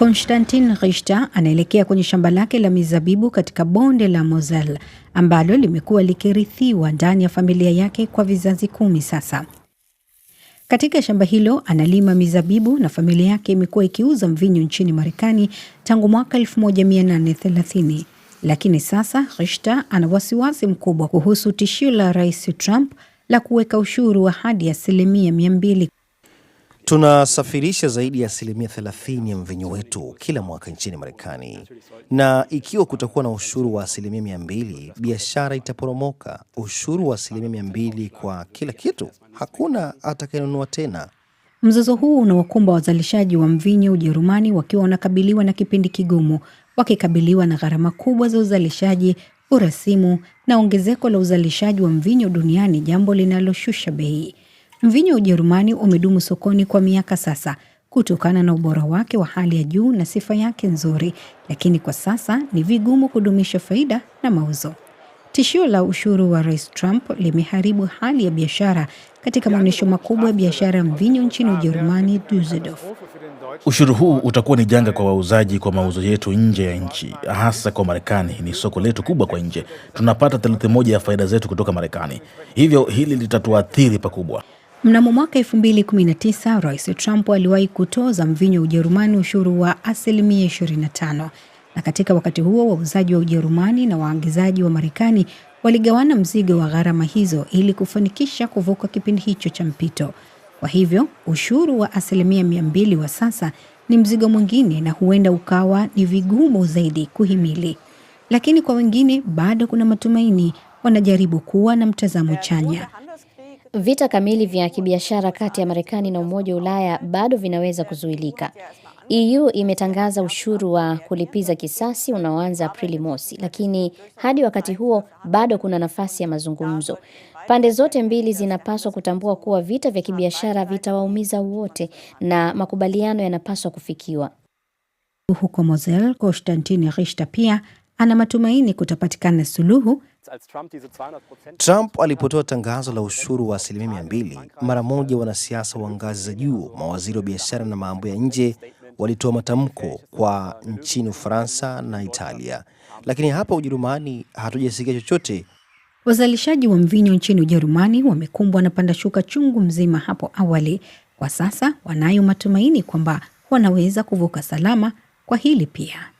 Konstantin Richter anaelekea kwenye shamba lake la mizabibu katika bonde la Mosel ambalo limekuwa likirithiwa ndani ya familia yake kwa vizazi kumi sasa. Katika shamba hilo analima mizabibu na familia yake imekuwa ikiuza mvinyo nchini Marekani tangu mwaka 1830. Lakini sasa Richter ana wasiwasi mkubwa kuhusu tishio la Rais Trump la kuweka ushuru wa hadi asilimia 200 Tunasafirisha zaidi ya asilimia 30 ya mvinyo wetu kila mwaka nchini Marekani, na ikiwa kutakuwa na ushuru wa asilimia 200, biashara itaporomoka. Ushuru wa asilimia 200 kwa kila kitu, hakuna atakayenunua tena. Mzozo huu unawakumba wazalishaji wa mvinyo Ujerumani wakiwa wanakabiliwa na kipindi kigumu, wakikabiliwa na gharama kubwa za uzalishaji, urasimu na ongezeko la uzalishaji wa mvinyo duniani, jambo linaloshusha bei. Mvinyo wa Ujerumani umedumu sokoni kwa miaka sasa kutokana na ubora wake wa hali ya juu na sifa yake nzuri, lakini kwa sasa ni vigumu kudumisha faida na mauzo. Tishio la ushuru wa Rais Trump limeharibu hali ya biashara katika maonyesho makubwa ya biashara ya mvinyo nchini Ujerumani, Dusseldorf. Ushuru huu utakuwa ni janga kwa wauzaji kwa mauzo yetu nje ya nchi, hasa kwa Marekani. Ni soko letu kubwa kwa nje, tunapata theluthi moja ya faida zetu kutoka Marekani, hivyo hili litatuathiri pakubwa. Mnamo mwaka 2019 Rais Trump aliwahi kutoza mvinyo wa Ujerumani ushuru wa asilimia 25, na katika wakati huo wauzaji wa Ujerumani na waagizaji wa Marekani waligawana mzigo wa gharama hizo ili kufanikisha kuvuka kipindi hicho cha mpito. Kwa hivyo ushuru wa asilimia 200 wa sasa ni mzigo mwingine na huenda ukawa ni vigumu zaidi kuhimili, lakini kwa wengine bado kuna matumaini. Wanajaribu kuwa na mtazamo chanya. Vita kamili vya kibiashara kati ya Marekani na Umoja wa Ulaya bado vinaweza kuzuilika. EU imetangaza ushuru wa kulipiza kisasi unaoanza Aprili mosi, lakini hadi wakati huo bado kuna nafasi ya mazungumzo. Pande zote mbili zinapaswa kutambua kuwa vita vya kibiashara vitawaumiza wote na makubaliano yanapaswa kufikiwa. Huko Mosel, Konstantine Richter pia ana matumaini kutapatikana suluhu Trump alipotoa tangazo la ushuru wa asilimia mia mbili, mara moja wanasiasa wa ngazi za juu, mawaziri wa biashara na mambo ya nje walitoa matamko kwa nchini Ufaransa na Italia, lakini hapa Ujerumani hatujasikia chochote. Wazalishaji wa mvinyo nchini Ujerumani wamekumbwa na panda shuka chungu mzima hapo awali. Kwa sasa wanayo matumaini kwamba wanaweza kuvuka salama kwa hili pia.